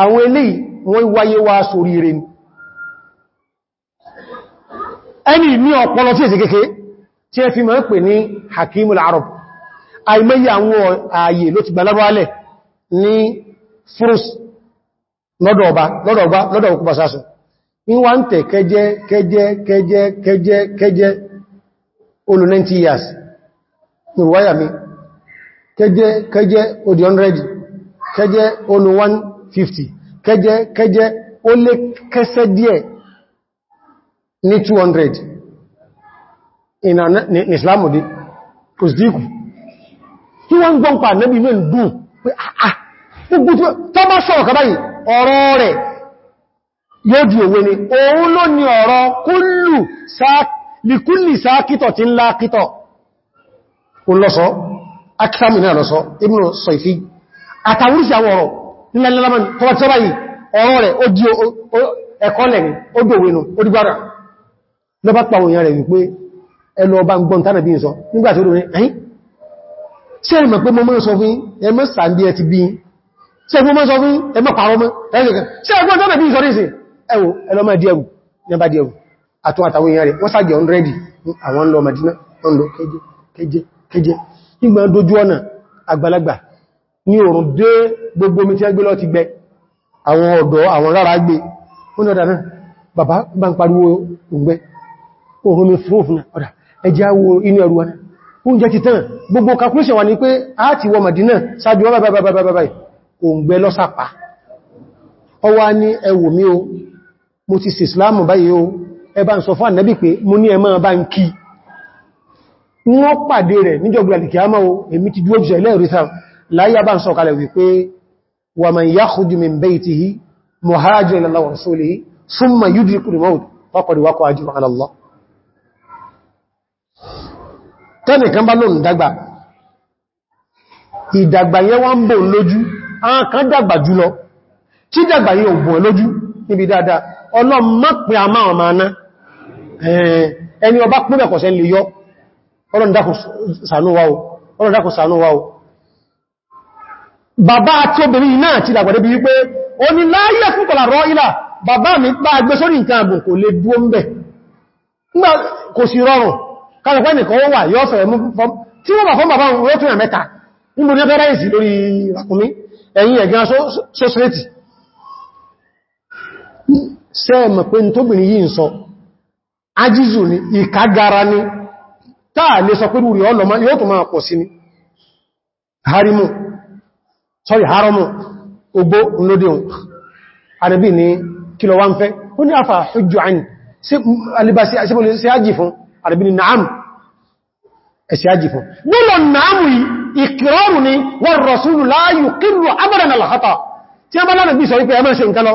àwọn eléyìí wọ́n wáyé wá sórí rẹ̀ ẹni ní ọpọlọ tí èsì kéèké tí ẹ fi máa ń pè ní hakimul ààyè ní wá ń tẹ̀ kẹjẹ kẹjẹ kẹjẹ kẹjẹ kẹjẹ olù 90 years ìwáyà mi kẹjẹ kẹjẹ odi 100 kẹjẹ olù 150 kẹjẹ kẹjẹ ó lé kẹsẹ díẹ̀ ní 200 ìnà ìsìlámùdí kò sí díkù tí wọ́n ń gbọ́n pa nẹ́bí inú ìlú pé àà ah, ah, gbogbo tí wọ́n tọ́ yóò ju òwe ni òun ló ní ọ̀rọ̀ kúlù sáàkítọ̀ tí ń láàkítọ̀ òun lọ́sọ́ akísàmì náà lọ́sọ́ ibùn sọ ìfí àtàwúrísì àwọn ọ̀rọ̀ nílẹ̀lẹ́lẹ́mọ̀ tó wá tẹ́bà yìí ọ̀rọ̀ rẹ̀ ó di ẹ̀kọ́ lẹ̀rin ó dòwe nù ó dìgbára lọ bá pàwọn èèyàn rẹ̀ wípé ẹlọ ọba ń gbọ́n tánàbí sọ nígbà tó ẹwọ ẹlọ́mọ̀ díẹ̀wù nígbà díẹ̀wù àtún àtàwọn èèyàn rẹ̀ wọ́n sáàjẹ̀ 100 àwọn ń lọ Mẹ́dínà wọ́n lọ kẹjẹ kẹjẹ kẹjẹ nígbà dojú ọ̀nà àgbàlagbà ní òrùn dé gbogbo omi tí a gbé lọ ti gbẹ àwọn ọ̀dọ́ àwọn rárá gbé wọ́n lọ́dà náà bàbá bá ń pariwo ògbẹ́ òrùn mi fúrúfú ọ̀dà ẹjẹ́ awo inú ẹrù wọn oúnjẹ ti tán gbogbo calculation wà ní ẹwò mi o mo ti ṣe islamu báyìí o ẹba ń sọ fún ànẹ́bì pé mo ní ẹmọ́ bá ń kí wọ́n pàdé rẹ̀ níjọgbà alìkìyàmọ́ o èmi ti dúró jẹ́ ilẹ̀-ìrìsà láyá bá ń sọ kalẹ̀ wípé wa man yakhruju min baytihi muhajiran ila Allahi wa rasulihi thumma yudrikuhu al-mawt faqad waqa'a tẹ́nìkan bá lónìí dàgbà ìdàgbà yẹn wá ń bò lójú àwọn kan dàgbà jùlọ tí dàgbà yẹn ò lójú níbi dáadáa ọlọ́mọ́pin àmá ọmọ aná ẹni ọba pínlẹ̀ kọ̀sẹ̀ lè yọ Ọlọ́run dákun ṣàánú wa o Ọlọ́run dákun ṣàánú wa o bàbá àti obìnrin náà ti dàgbàdé bí wípé o ní láyé fún kọ̀lá rọ ìlà bàbá mi bá agbé sórí nǹkan àgùn kò lè dúó mẹ́ kò sí rọrùn kálùkọ́ nìkan wà yọ́ fẹ̀rẹ̀ mú tí wọ́n bà sẹ́ẹ̀mọ̀ pé ní tóbìnrin yìí ń sọ ajízù ni ìkágara ni táà lè sọ pé rúrí ọlọ́mọ yóò tó máa pọ̀ sí ni harimu sorry haramu ogbó lódéun arabi ni kílọ wá ń fẹ́ ó ní àfà hujju àní sí alibasi asíbòlè sí ájì fún arabi ni na'am ẹ̀sì ájì fún nílò na'amu ìkìrọrù ni wọ́n rọ̀súlù la yuqirru abadan al-khata tí a bá lánàbí sọ wípé ẹmẹ́ ṣe nǹkan lọ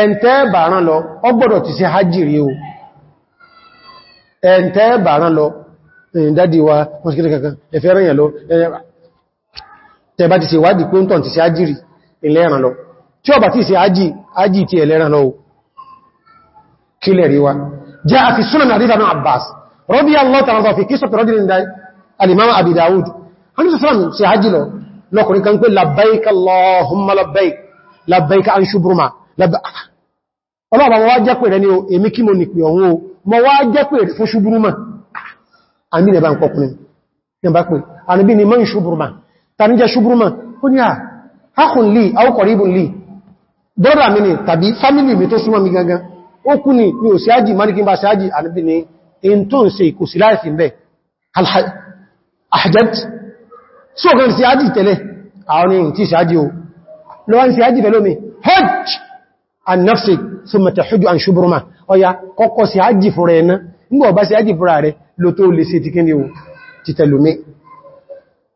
ẹ̀ntẹ́ bàrán lọ ọgbọ́dọ̀ ti ṣe hajjiri o ẹ̀ntẹ́ bàrán lọ ìdádí wa wọ́n sí kankan ẹ̀fẹ́ rẹ̀yàn lọ tẹba ti ṣe wádìí pé ń tàn ti ṣe hajjiri ẹlẹ́ran lọ tí ọba ti ṣe hajji hajji ti ẹlẹ́ran lọ kílẹ̀ rí wa jẹ́ àfi súnà náà ríta náà Abbas rọ́bí Allah labbaik Allahumma labbaik labbaik an shubruma Ah, ọlọ́ọ̀bà mọ́ wá jẹ́ pẹ̀rẹ ní èmi kí mo nìpì ọ̀hún o mọ́ wá jẹ́ pẹ̀rẹ fún ṣubúrúmà àmì ah, nẹ̀bà ń pọkùnrin nẹ̀bà pẹ̀ àníbí ni mọ́ ṣubúrúmà ta ní jẹ́ ṣubúrúmà ó ní àkùn lè àwọ́kọ̀ríbùn lè dọ́rà mi ni tàbí fámílì mi tó súnmọ́ mi ni mi ò síájì mánikínbà ni in tó ń ṣe ìkòsí láìfì ń bẹ̀ àjẹ́t sí ọ̀gán síájì tẹ́lẹ̀ àwọn ni عن نفسك ثم تحج عن شبرما ọya kọ́kọ́ sí ájì fúnra ẹ̀nà nígbà ọba sí ájì fúnra rẹ̀ ló tó lè sí tíkí ní o títẹ̀lùmí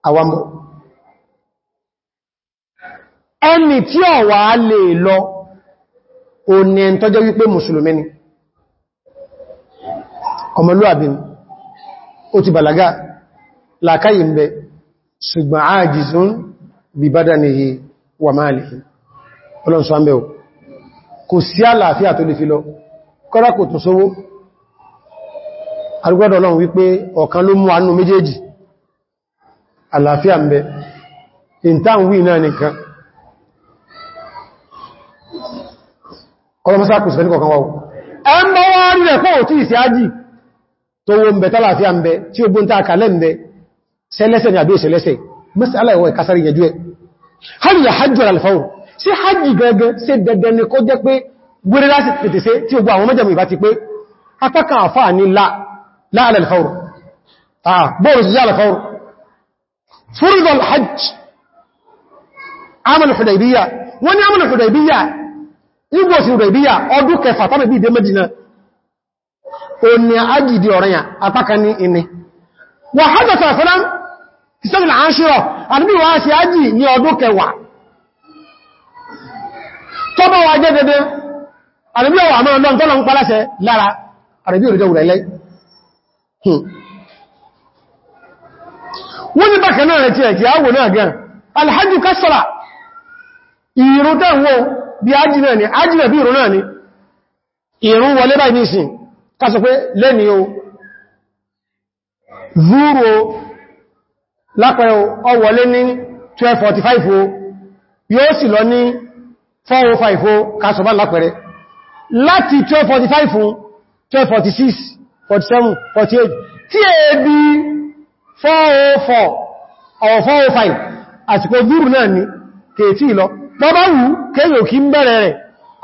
àwamọ́ ẹni tí ó wà lè lọ o ní ẹn tọ́jọ́ wípé mùsùlùmí ni ọmọlúàbí ó ti bàlágà làkáyì ń bẹ ṣùgbọ́n ájìzún bìbádà nìyí wà máa lè ọlọ́nsọ́ kò sí àlàáfíà tó lè fi lọ kọ́rọ̀ kò tún sówó arúgbọ́dọ̀ Ọlọ́run wípé ọ̀kan ló mú anú méjèèjì àlàáfíà ń bẹ ìntàn wí náà nìkan kọlọmọsá kò sí fẹ́ kọ̀kan wáwọ́ ẹmọ wá rí rẹ̀ fọ́ òtí ìsìájì tó wo ń sí hajji gẹ́gẹ́ sí dẹ̀dẹ̀ ni kó jẹ́ pé gbére láti pètè sí tí ogun àwọn mẹ́jẹ̀mù ìbá ti pé apákan àfà ní láàrẹ̀lẹ̀fọ́rù bóòrùn sí láàrẹ̀lẹ̀fọ́rù fúrùdọ̀l hajj amal Hudaybiyya wọ́n ní amal Hudaybiyya igbóòsì Hudaybiyya ọdún kẹfà tàbí bí ìdé Mẹ́dínà o ní ajìdí ọ̀rẹ́yà apákan ní ìní wà hajjata sọ́lá kìsọ́lá àṣírọ̀ àdúgbò wá sí ajì ní ọdún kẹwàá tó bá wà jẹ́ dẹ̀dẹ̀ àrẹ̀bí ọwà máa lọ́n lára àrẹ̀bí òrìjẹ́ òrẹ̀ ilẹ̀ hmm. wọ́n ní bákan náà rẹ̀ tí ẹ̀kì àwò náà gan alhajjú kásọ̀lá ìrù tẹ́wọ́ bí ni náà ni wọlé ní o 1245 yóò sì lọ ní 405 kásọ̀bá lápẹẹrẹ láti 1245 1246 47 48 tí è bí 404 or 405 àsìkò gúrù náà ni kèètì lọ bọ́bá wù kéyò kí ń bẹ̀rẹ̀ rẹ̀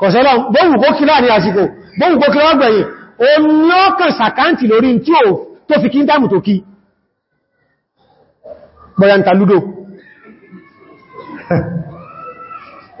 kọ̀sọ́lọ́ bọ́wù kó kílá ní àsìkò bọ́wù kó kílá gbẹ̀yìn o ní ọkàn sàkántì lórí tí ó tó fi kí ń dámù tó kí bọ́yá ń (laughs)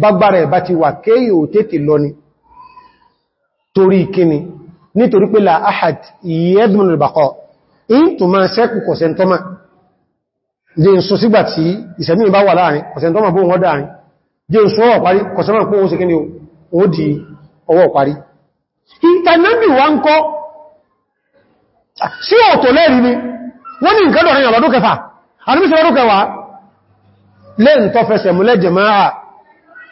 bágbára ẹ̀bá ti wà kéyì ò tètè lọ ni torí kíni nítorí pé láàáhàd yẹ́dùn ìbàkọ́ in tó máa sẹ́kù kọ̀sẹ̀ntọ́mà jẹ́ ń sọ sígbà tí ìsẹ̀mí bá wà láàrin kọ̀sẹ̀ntọ́mà bó wọ́n dáàrin jẹ́ ń sọ ọwọ́ parí kọ̀sẹ̀ntọ́mà pó ó sì kíni ó di ọwọ́ parí ìtànàbì wá ń kọ́ ni wọ́n ní nǹkan dọ̀rin kẹfà àdúgbìsẹ̀ ọdún kẹwàá lẹ́ǹtọ́fẹsẹ̀ múlẹ̀ jẹ̀máà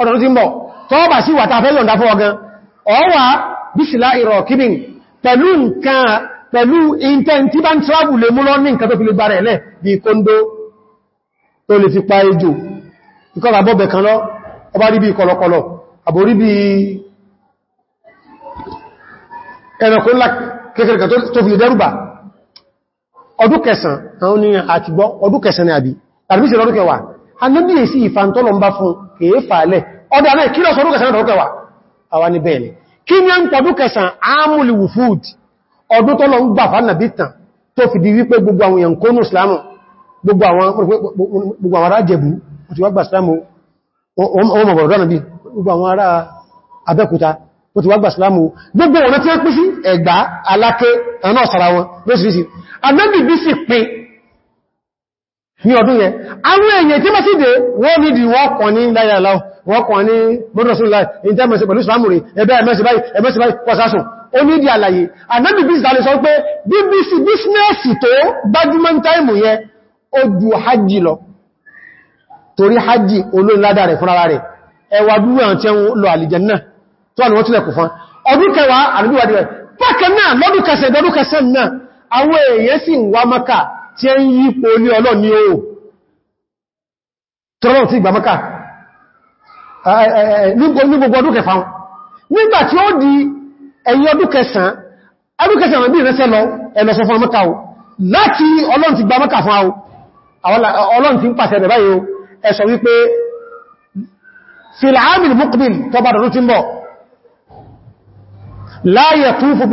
ọ̀rọ̀ tí ń bọ̀ tọ́ọ̀bà sí wà tàfẹ́ yọ̀nda fún ọgán ọwà bíṣìlá ìrọ̀ kíbìn pẹ̀lú nǹkan pẹ̀lú intenti bá ń travel lè mú lọ ní nǹkan tó fi lè gbà rẹ̀ lẹ́ bí kóndó tó lè fi pa ejò ìkọ́lá bọ́bẹ̀ kan lọ ọba rí bí ni àbí tàbí sí ọdún kẹwàá a níbi èsì kìí fàálẹ̀ ọdá náà kí lọ sọ ọdún kẹsàn ọdún àwa ní bẹ́ẹ̀ ni kí ní ń tọdún kẹsàn ámúlì wùfúd ọdún tọ́lọ ń gbà fánàbí tàn tó fi di wípé gbogbo àwọn èèyàn kónú islamu gbogbo àwọn ará jẹ̀bú ti wá gbà islamu ọmọ bọ̀rọ̀dọ́ nàbí gbogbo ní ọdún yẹn àwọn èèyàn tí mẹ́sídé wọ́n ní di wọ́n kàn ní láyà aláwọ̀ wọ́n kàn ní mọ́dúnrọ̀sùn láì in tẹ́ mẹ́sí pẹ̀lú ìsìlámù rí ẹbẹ́ ẹ̀mẹ́sí báyìí ẹ̀mẹ́sí báyìí pọ̀sásùn ó ní di àlàyé anábì bíṣì bbc bíṣnẹ́ẹ̀sì tó gbajúmọ́n táìmù yẹn ó ju hajj lọ torí hajj olóńládà rẹ̀ fúnra rẹ̀ ẹwà dúró àwọn tí wọ́n lọ àlìjẹ́nà tó wà ní wọ́n tilẹ̀kù fún ọdún kẹwàá àdúgbò àdúgbò bákan náà lọ́dún àwọn èèyàn sì ń wá maka tí ẹ ń yípo ní ọlọ́ ní oó tọ́lọ̀ tí ìgbàmọ́ká ní gbogbo ọdún kẹfà nígbà tí ó di ẹ̀yìn ọdún kẹsàn ọdún kẹsàn àwọn ìbìnrin sẹ́lọ ẹ̀lọ́sọ fún ọmọká o láti ọlọ́n ti gbàmọ́ká fún ọlọ́n ti ń pàṣẹ rẹ̀ báyìí ẹ sọ wípé fìlàámìl mọ́kùnrin tó bá dọ̀rún ti ń bọ̀ la yatufu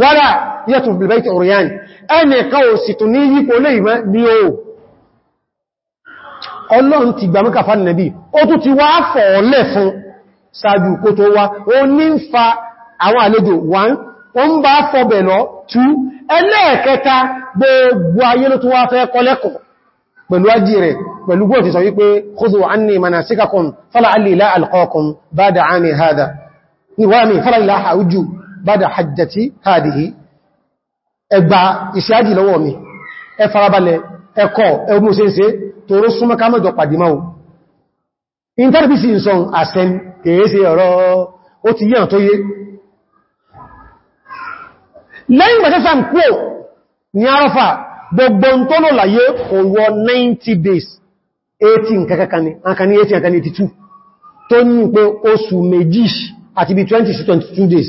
wọ́lá yẹ́tù bilbaiti oriyan ẹni kan ò sì tún ní yípo lè ìmẹ́ ní o ọlọ́run ti gbà mẹ́kàfà nìbí ó tún ti wá fọ̀ọ́lẹ̀ fún sáájú kó tó wá ó ní ń fa àwọn àlejò 1 ó ń bá fọ́bẹ̀ lọ 2 ẹlẹ́ẹ̀kẹta gbogbo ayé ló tún wá fẹ́ kọ́lẹ́kọ̀ọ́ pẹ̀lú ají rẹ̀ pẹ̀lú gbọ́ ti sọ wípé khudhu anni manasikakum fala alli la alqakum ba'da 'ami hadha ìwà mi fala ìlà àwújú bada hajjati hadihi ẹgbà ìṣájì lọ́wọ́ mi ẹ farabalẹ̀ ẹkọ́ ẹgbùn ṣe ń ṣe tòrò súnmọ́ ká mẹ́jọ pàdímọ́ ní arafa gbogbo tó lò láyé òwò 90 days 18 kankan ni akàní 18 akàní 82 tó ní pé oṣù méjì àti bí 20 sí 22 days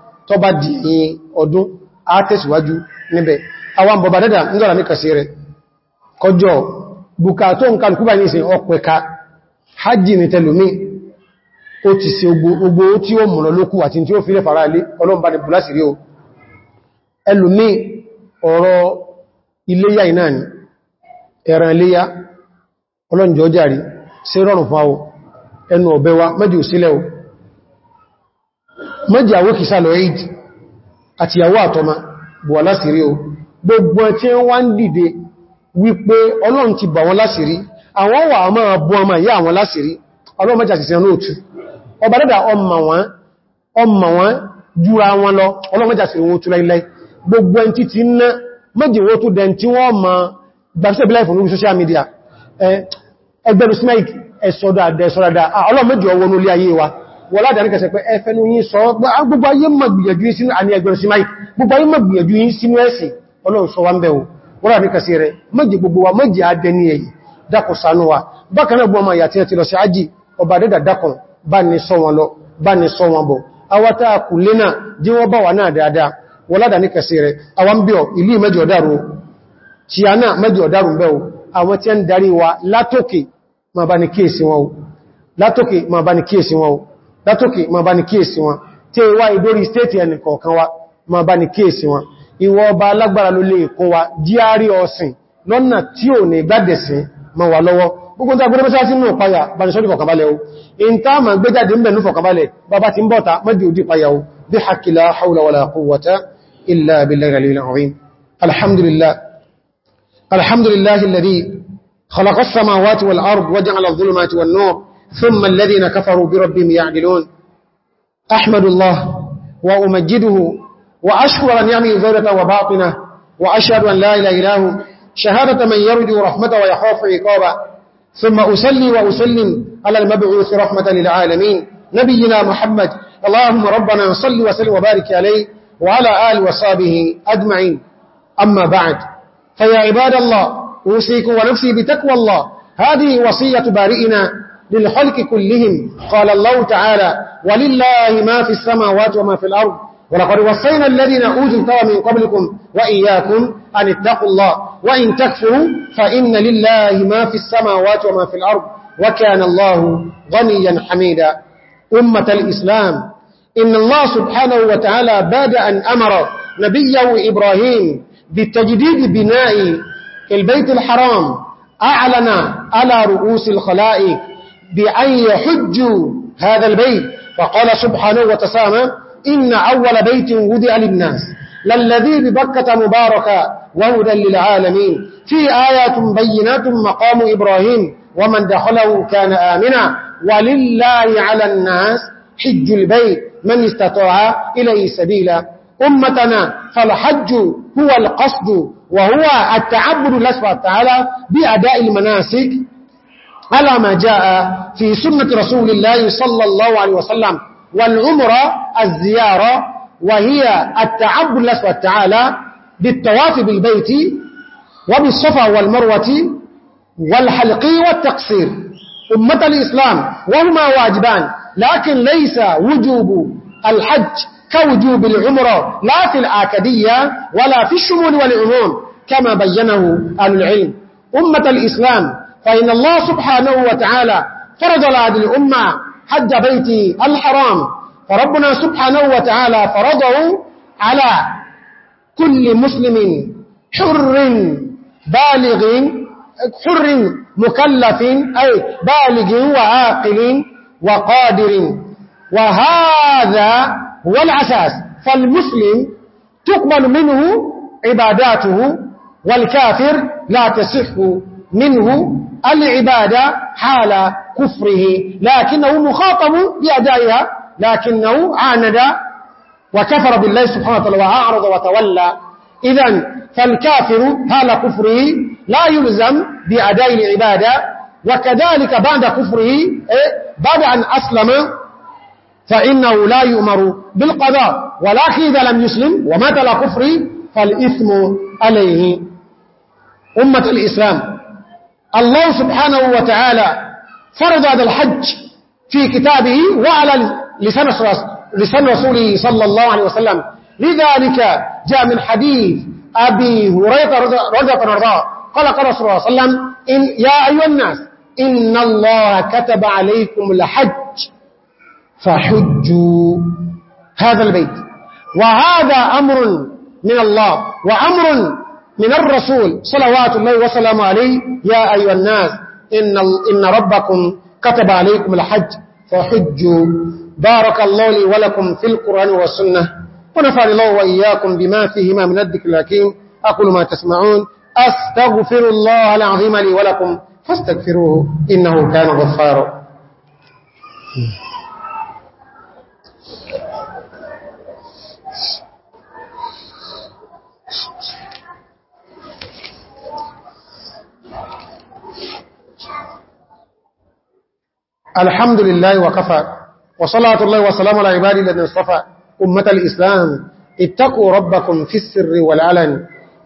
tó bá di ọdún a tẹ̀síwájú níbẹ̀ àwọn bọ̀bá dẹ́dà ń dọ́ra mí kàsí rẹ̀ kọjọ bukató ń kàrùkú bá ní ìsìn ọpẹka hajji ní tẹlùmí ó ti se ogbó tí ó múrọ lókù àti tí ó fi rẹ̀ fara alé ọlọ́mbà o ẹlùmí ọ̀rọ̀ iléyà iná ni mọ́jì àwọ́ kìsà lọ eid àti ìyàwó àtọmà bùwà lásìrí o gbogbo tí wá ń dìde wípé ọlọ́run ti bà wọn lásìrí àwọn wà máa bú ọmọ ìyá àwọn lásìrí ọlọ́run mọ́jì àti ìsìn lóòtù ọba dẹ́dà ọmọ wọn ọmọ wọn júra wọn lọ ọlọ́run mọ́jì àti media ẹgbẹ̀rún smike ẹ̀sọ́dà ẹ̀sọ́dà ah, ọlọ́run mọ́jì ọwọ́n ayé wa wọ́n ládàrí kẹsẹ̀ pé ẹfẹ́nu yí sọ gbogbo ayé mọ̀ gbìyànjú yí sínú àní ẹgbẹ̀rẹ̀ sí máì gbogbo ayé mọ̀ gbìyànjú yí sínú ẹ̀sìn ọlọ́run sọ wá ń bẹ̀ o wọ́n láàrin wa méje adẹni ẹ̀yí dákò sánú wa bákan náà gbọ́mọ ìyà tí ẹ ti lọ sí ájì ọba dẹ́dà dákùn bá ní sọ wọn lọ bá ní sọ wọn bọ̀ awátá kù lẹ́nà jí wọ́n bá wà náà dáadáa wọ́n ma bá ní kíyèsí ma bá ní látókè ma bá ní kíyèsí wọn tí wá ìdórí stéètì ẹni kọ̀ọ̀kan wa ma bá ní kíyèsí wọn ìwọ ọba alágbára ló lè kó wa díárí ọ̀sìn lọ́nà tí ò ní gbádẹ̀sìn ma wà lọ́wọ́ gbogbo tí a gbọ́dọ̀ mẹ́sá sí mú ọ̀páyà bá ní sọ́dí fọ̀kànbalẹ̀ o in tá ma gbé jáde ń bẹ̀ ní fọ̀kànbalẹ̀ bàbá ti ń bọ́ta mẹ́dì òdí payà o bí hakila ثم الذين كفروا بربهم يعدلون أحمد الله وأمجده وأشكر أن يعمل ذولة وباطنة وأشهد أن لا إله إله شهادة من يرجو رحمة ويخاف عقابة ثم أسلي وأسلم على المبعوث رحمة للعالمين نبينا محمد اللهم ربنا صل وسلم وبارك عليه وعلى آل وصابه أجمعين أما بعد فيا عباد الله أوصيكم ونفسي بتقوى الله هذه وصية بارئنا للخلق كلهم قال الله تعالى ولله ما في السماوات وما في الأرض ولقد وصينا الذين أوتوا التوى من قبلكم وإياكم أن اتقوا الله وإن تكفروا فإن لله ما في السماوات وما في الأرض وكان الله غنيا حميدا أمة الإسلام إن الله سبحانه وتعالى بعد أن أمر نبيه إبراهيم بتجديد بناء البيت الحرام أعلن على رؤوس الخلائق بأن يحجوا هذا البيت فقال سبحانه وتسامى إن أول بيت ودع للناس للذي ببكة مباركة وهدى للعالمين في آيات بينات مقام إبراهيم ومن دخله كان آمنا ولله على الناس حج البيت من استطاع إليه سبيلا أمتنا فالحج هو القصد وهو التعبد سبحانه تعالى بأداء المناسك على ما جاء في سنة رسول الله صلى الله عليه وسلم والعمرة الزيارة وهي التعبد سبحانه تعالى بالتواف بالبيت وبالصفا والمروة والحلق والتقصير أمة الإسلام وهما واجبان لكن ليس وجوب الحج كوجوب العمرة لا في الآكدية ولا في الشمول والعموم كما بينه أهل العلم أمة الإسلام فإن الله سبحانه وتعالى فرض لهذه الأمة حج بيتي الحرام فربنا سبحانه وتعالى فرضه على كل مسلم حر بالغ حر مكلف أي بالغ وعاقل وقادر وهذا هو الأساس فالمسلم تقبل منه عباداته والكافر لا تصح منه العبادة حال كفره لكنه مخاطب بأدائها لكنه عاند وكفر بالله سبحانه وتعالى وأعرض وتولى إذا فالكافر حال كفره لا يلزم بأداء العبادة وكذلك بعد كفره إيه، بعد أن أسلم فإنه لا يؤمر بالقضاء ولكن إذا لم يسلم ومات لكفره فالإثم عليه أمة الإسلام الله سبحانه وتعالى فرض هذا الحج في كتابه وعلى لسان, لسان رسوله صلى الله عليه وسلم لذلك جاء من حديث أبي هريرة رضي الله عنه قال قال رسول الله صلى الله عليه وسلم إن يا أيها الناس إن الله كتب عليكم الحج فحجوا هذا البيت وهذا أمر من الله وأمر من الرسول صلوات الله وسلامه عليه يا أيها الناس إن, إن ربكم كتب عليكم الحج فحجوا بارك الله لي ولكم في القرآن والسنة ونفعل الله وإياكم بما فيهما من الذكر الحكيم أقول ما تسمعون أستغفر الله العظيم لي ولكم فاستغفروه إنه كان غفارا الحمد لله وكفى وصلاة الله وسلام على عباد الذين اصطفى أمة الإسلام اتقوا ربكم في السر والعلن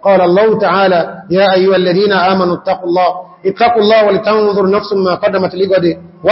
قال الله تعالى يا أيها الذين آمنوا اتقوا الله اتقوا الله ولتنظر نفس ما قدمت لقد